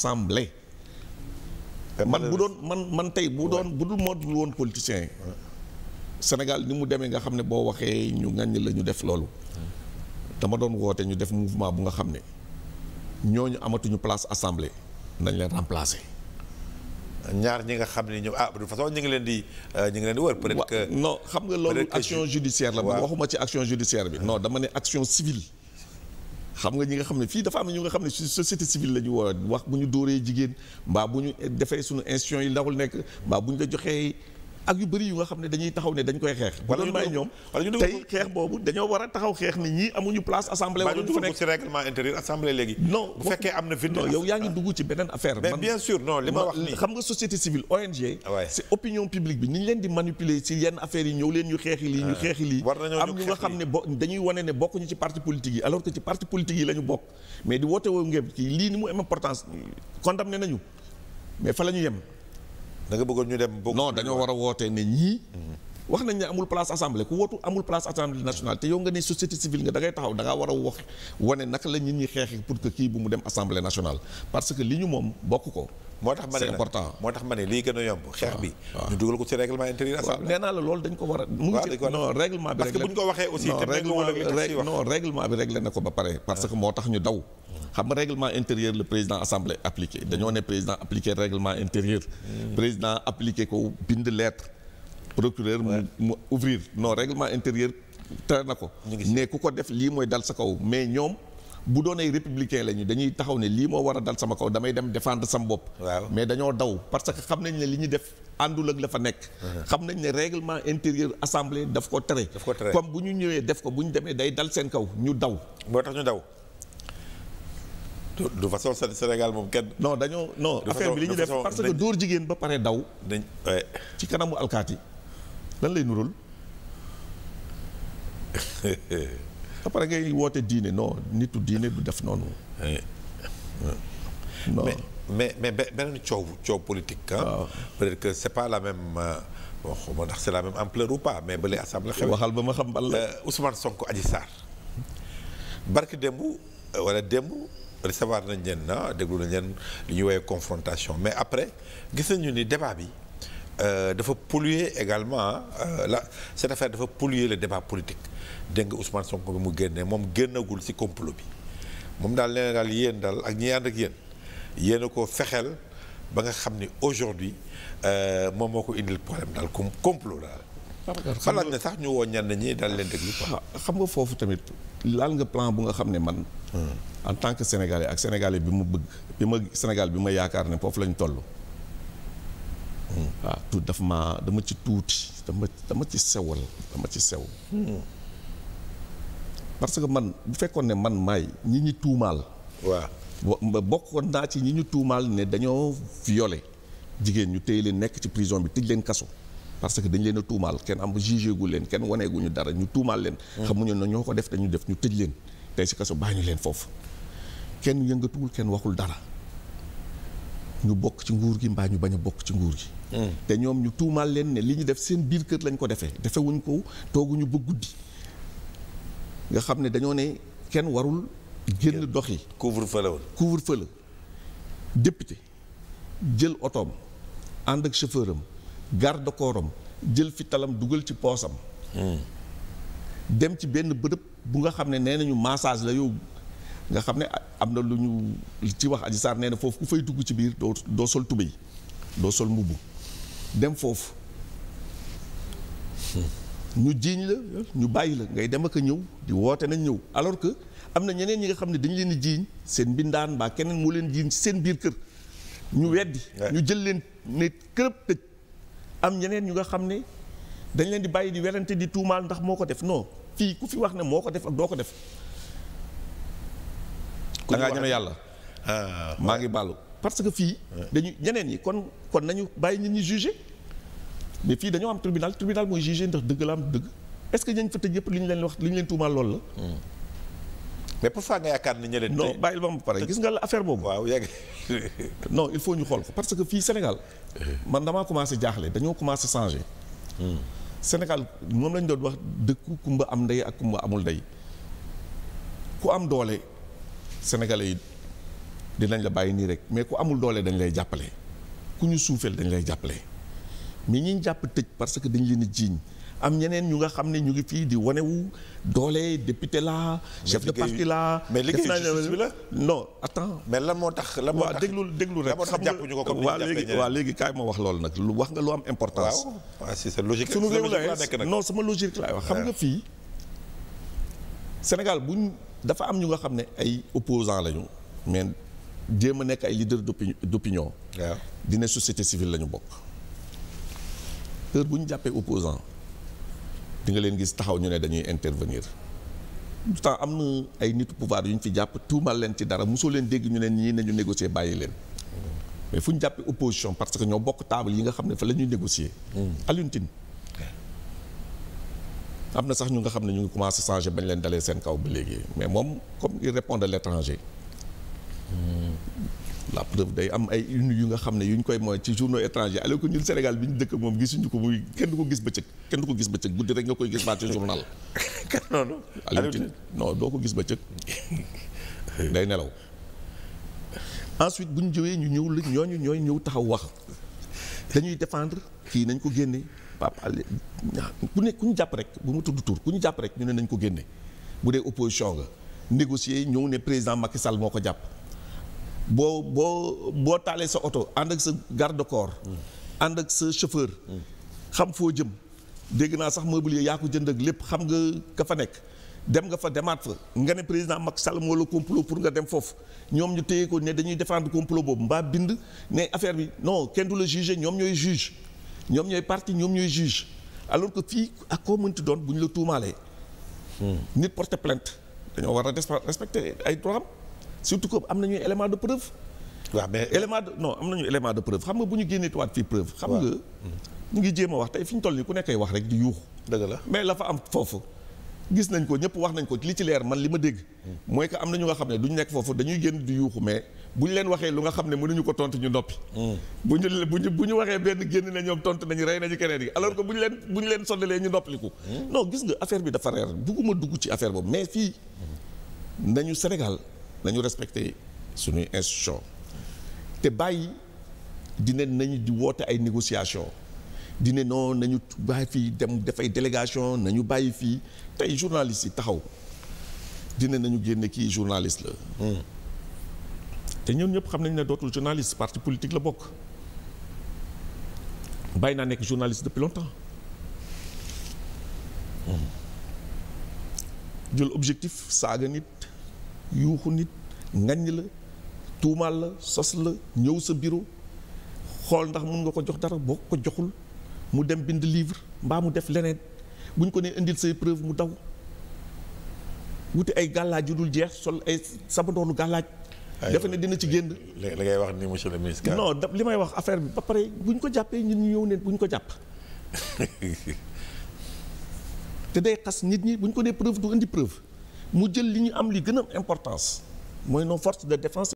l'Assemblée man bu doon man man tey bu doon bu dul moo dul woon politicien yi Sénégal ni mu demee nga xam ne boo waxee ñu ŋàññ la ñu def loolu dama doon woote ñu def mouvement bu nga xam ne ñoo ñu amatuñu place assemblée nañ leen remplacer. ñaar ñi nga xam ne ñoom ah ñu ngi leen di euh, ñu ngi leen di wër peut-être que non xam nga loolu action judiciaire la. waxuma ci action judiciaire bi. non dama ne action civile. xam nga ñi nga xam ne fii dafa am ñu nga xam ne su société civile la ñu wax bu ñu dóoree jigéen mbaa bu ñu defee suñu institution yi ndawul nekk mbaa bu ñu la joxee ak yu bëri yu nga xam ne dañuy taxaw ne dañ koy xeex wala ñu bàyyi ñoom tey xeex boobu dañoo war a taxaw xeex ni ñii amuñu place assemblée wala ñu fa ci am na vide non yow yaa ngi dugg ci beneen affaire mais bien sûr non li ma wax nii xam nga société civile ONG c'est opinion publique bi ni leen di manipuler si yenn affaire yi ñëw leen ñu xeexi lii ñu xeexi lii am ñu nga xam ne bo dañuy wane ne bokk ñu ci parti politique yi alors que ci parti politique yi la ñu bokk mais di woote woo ngeen kii lii ni mu la ñu yem da bëggoon ñu dem. non dañoo war wootee ne ñii. Mm-hmm. wax nañ ne amul place assemblée ku wootu amul place assemblée nationale te yow nga ne société civile nga da ngay taxaw da ngaa war a wax wane naka la nit ñi xeexi pour que kii bu mu dem assemblée nationale parce que li ñu moom bokk ko. moo tax ma ne c'est moo tax ma lii gën a yomb. xeex bi ñu dugal ko ci règlement intérieur assemblée. nee naa la loolu dañ ko war a. mu ngi ci bi. parce que bu ñu ko waxee bi réglé na ko ba pare. parce ah. que moo tax ñu daw. xam nga règlement intérieur la président assemblée appliqué dañoo ne président appliqué règlement intérieur hmm. président appliqué ko bind lettre procureur mu mu ouvrir non règlement intérieur tere na ko ne ku ko def lii mooy dal sa kaw mais ñoom bu doon ay républicain lañu dañuy taxaw ne lii moo war a dal sama kaw damay dem défendre sama bopp. mais dañoo daw parce que xam nañ ne li ñu def àndul ak la fa nekk. Uh-huh. xam nañ ne règlement intérieur assemblée daf ko tere. daf ko tere comme bu ñu ñëwee def ko bu demee day dal seen kaw ñu daw. moo tax ñu daw. de façon Sénégal moom kenn. non dañoo non affaire bi ñu def parce que dóor jigéen ba pare daw. dañ ci kanamu alkaati lan lay nurul ba pare ngay woote diine non nitu diine du def noonu. non mais mais mais beneen coow coow politique ah. peut-être que c'est pas la même. Euh, bon xaw ndax c'est la même ampleur ou pas mais bële assemblée xew waxal ba ma xam bal euh, Ousmane Sonko Adji Sarr barki démb euh, wala démb recevoir nañ leen na ah, déglu nañ leen li ñuy woowee confrontation mais après gis nañu ni débat bi euh, dafa polluer également ah, euh, la cette affaire dafa polluer le débat politique dégg nga Ousmane Sonko bi mu génnee moom génnagul ci complot bi moom daal nee daal yéen daal ak ñi ànd ak yéen yéen a ko fexeel ba nga xam ni aujourd'hui euh, moom moo ko indil problème daal comme complot daal xalaat ne sax ñu woo ñenn ñi daal leen déglu quoi ah, xam nga foofu tamit laal nga plan bu nga xam ne man. en tant que sénégalais ak sénégalais bi mu bëgg bi ma Sénégal bi ma yaakaar ne foofu lañ toll. waaw tuut dafa ma dama ci tuuti dama dama ci sewal dama ci sew. parce que man bu fekkoon ne man maay ñi ñu tuumaal. waaw bokkoon naa ci ñi ñu tuumaal ne dañoo violé jigéen ñu téye leen nekk ci prison bi tëj leen kaso. parce que dañ leen a tuumaal kenn am jugé gu leen kenn waneeguñu dara ñu tuumaal leen. Hmm. xamuñu ne ñoo ko def dañu def ñu tëj leen tey si kaso bàyyi ñu leen foofu kenn yëngatuwul kenn waxul dara ñu bokk ci nguur gi mbaa ñu bañ a bokk ci nguur gi. Hmm. te ñoom ñu tuumaal leen ne li ñu def seen biir kër lañ ko defee defewuñ ko tooguñu ba guddi nga xam ne dañoo ne kenn warul. génn doxi couvre-feu la woon couvre-feu la député jël otoom ànd ak chauffeur garde corps am jël fi talam dugal ci poosam hmm. dem ci benn bërëb bu nga xam ne nee nañu massage la yow nga xam ne am na lu ñu ci wax Adji Sarr nee na foofu ku fay dugg ci biir doo doo sol tubéy doo sol mbubb dem foofu hmm. ñu jiiñ la ñu bàyyi la ngay dem ak a ñëw di woote nañ ñëw alors que am na ñeneen ñi nga xam ne dañu leen jiiñ seen mbindaan baa keneen mu leen jiiñ ci seen biir kër ñu weddi ñu jël leen ne kërëb tëj am ñeneen ñu nga xam ne dañ leen di bàyyi di werante di tuumaal ndax moo ko def non fii ku fi wax ne moo ko def ak doo ko def. da ngaa ñeme yàlla. Ah. Ah, maa ngi baalu. parce que fii ah. dañu ñeneen yi kon kon nañu bàyyi nit ñu juger mais fii dañoo am tribunal tribunal mooy juger ndax dëgg la am dëgg est-ce que ñañ fa tëj yëpp li ñu leen wax li ñu leen tuumaal loolu la. Hmm. mais pourquoi nga yaakaar ni ñële. non bàyyil ba mu pare gis nga la affaire boobu. waaw yegg non il faut ñu xool ko parce que fii Sénégal. man damaa commencé jaaxle dañoo commencé changer. Hmm. Sénégal moom lañ doon wax dëkku kumba am ndey ak kumba amul ndey ku am doole sénégalais yi dinañ la bàyyi nii rek mais ku amul doole dañ lay jàppale ku ñu suufeel dañ lay jàppale mais ñi ñu jàpp tëj parce que dañ leen a jiiñ. am ñeneen ñu nga xam ne ñu ngi fii di wanewu doole député la chef de parti la mais liggéey justice bi la non mais lan moo tax lan moo tax déglul déglul rek xam nga waaw léegi waaw léegi kaay ma wax loolu nag lu wax nga lu am importance waaw si sa logique no réew la nekk nag non sama logique laay wax xam nga fii Sénégal buñ dafa am ñu nga xam ne ay opposant lañu mais jéem a nekk ay leader d'opinion dina société civile la ñu bokk heure bu ñu jàppee opposant di nga leen gis taxaw ñu ne dañuy intervenir pourtant am na ay nitu pouvoir yu ñu fi jàpp mal leen ci dara mosoo leen dégg ñu ne ñii nañu négocier bàyyi leen mais fu ñu jàppee opposition parce que ñoo bokk table yi nga xam ne fa la ñuy négocier Alioune Tine am na sax ñu nga xam ne ñu ngi commencé changer bañ leen dalee seen kaw bi léegi mais moom comme il répond à l'étranger la preuve day am ay une yu nga xam ne yu ñu koy mooy ci journaux étrangers alors que ñun Sénégal bi ñu dëkk moom gisuñu ko muy kenn du ko gis bëccëg kenn du ko gis bëccëg guddi rek nga koy gis baat ci journal. kat noonu. Alioune Tine non doo ko gis bëccëg day nelaw. ensuite bu ñu jëwee ñu ñëw la ñooñu ñooy ñëw taxaw wax dañuy défendre kii nañ ko génne Pape Alé ku ne ku ñu jàpp rek bu mu tudd tur ku ñu jàpp rek ñu ne nañ ko génne bu dee opposition nga négocier ñëw ne président Macky Sall moo ko jàpp. boo boo boo taalee sa oto ànd ak sa garde corps. ànd ak sa chauffeur. xam foo jëm dégg naa sax mobilier yaa ko jënd ak lépp xam nga ka fa nekk. dem nga fa demaat fa nga ne président Macky Sall moo la complot pour nga dem foofu ñoom ñu téye ko ne dañuy défendre complot boobu mbaa bind ne affaire bi non kenn du la juger ñoom ñooy juge ñoom ñooy partie ñoom ñooy juge alors que fii ak koo mënti doon bu ñu la tuumaalee. Hmm. nit porte plainte dañoo war a respecter ay droits am surtout que am nañu élément de preuve. waaw mais élément de am nañu élément de preuve xam nga bu ñu génnee tuwaat fii preuve. xam nga ñu ngi jéem a wax tey fi ñu toll nii ku nekkay wax rek di yuuxu. dëgg la mais la fa am foofu. gis nañ ko ñëpp wax nañ ko li ci leer man li ma dégg. mooy que am na ñu nga xam ne duñ nekk foofu dañuy génn di yuuxu mais buñ leen waxee lu nga xam ne mënuñu ko tontu ñu noppi. Hmm. bu ñu bu ñu bu ñu waxee benn génn ne ñoom tontu nañu rey nañu keneen yi alors que bu ñu leen bu ñu leen sonnalee ñu noppaliku. Hmm. non gis nga affaire bi dafa reer bugguma dugg ci affaire boobu mais fii nañu Sénégal nañu respecté suñuy institution te bàyyi dina nañu di woote ay négociation dina non nañu bàyyi fii dem dafay délégation nañu bàyyi fii tey journaliste yi taxaw dina nañu génne kii journaliste la te ñoom ñëpp xam nañu ne dootul journaliste parti politique la bokk bàyyi naa nekk journaliste depuis longtemps jël objectif saaga nit yuuxu nit ngañ la tuumaal la sos la ñëw sa bureau xool ndax mun nga ko jox dara boo ko joxul mu dem bind livre mbaa mu def leneen buñ ko nee indil sa preuve mu daw wuti ay gàllaaj yu dul jeex sol ay sabandoonu gàllaaj defe ne dina ci génn li ngay wax ni monsieur le ministre non li may wax affaire bi ba pare buñ ko jàppee ñun ñu ñëw neen bu ñu ko jàpp te day xas nit ñi buñ ko nee preuve du indi preuve mu jël li ñu am li gën a importance mooy nos force de défense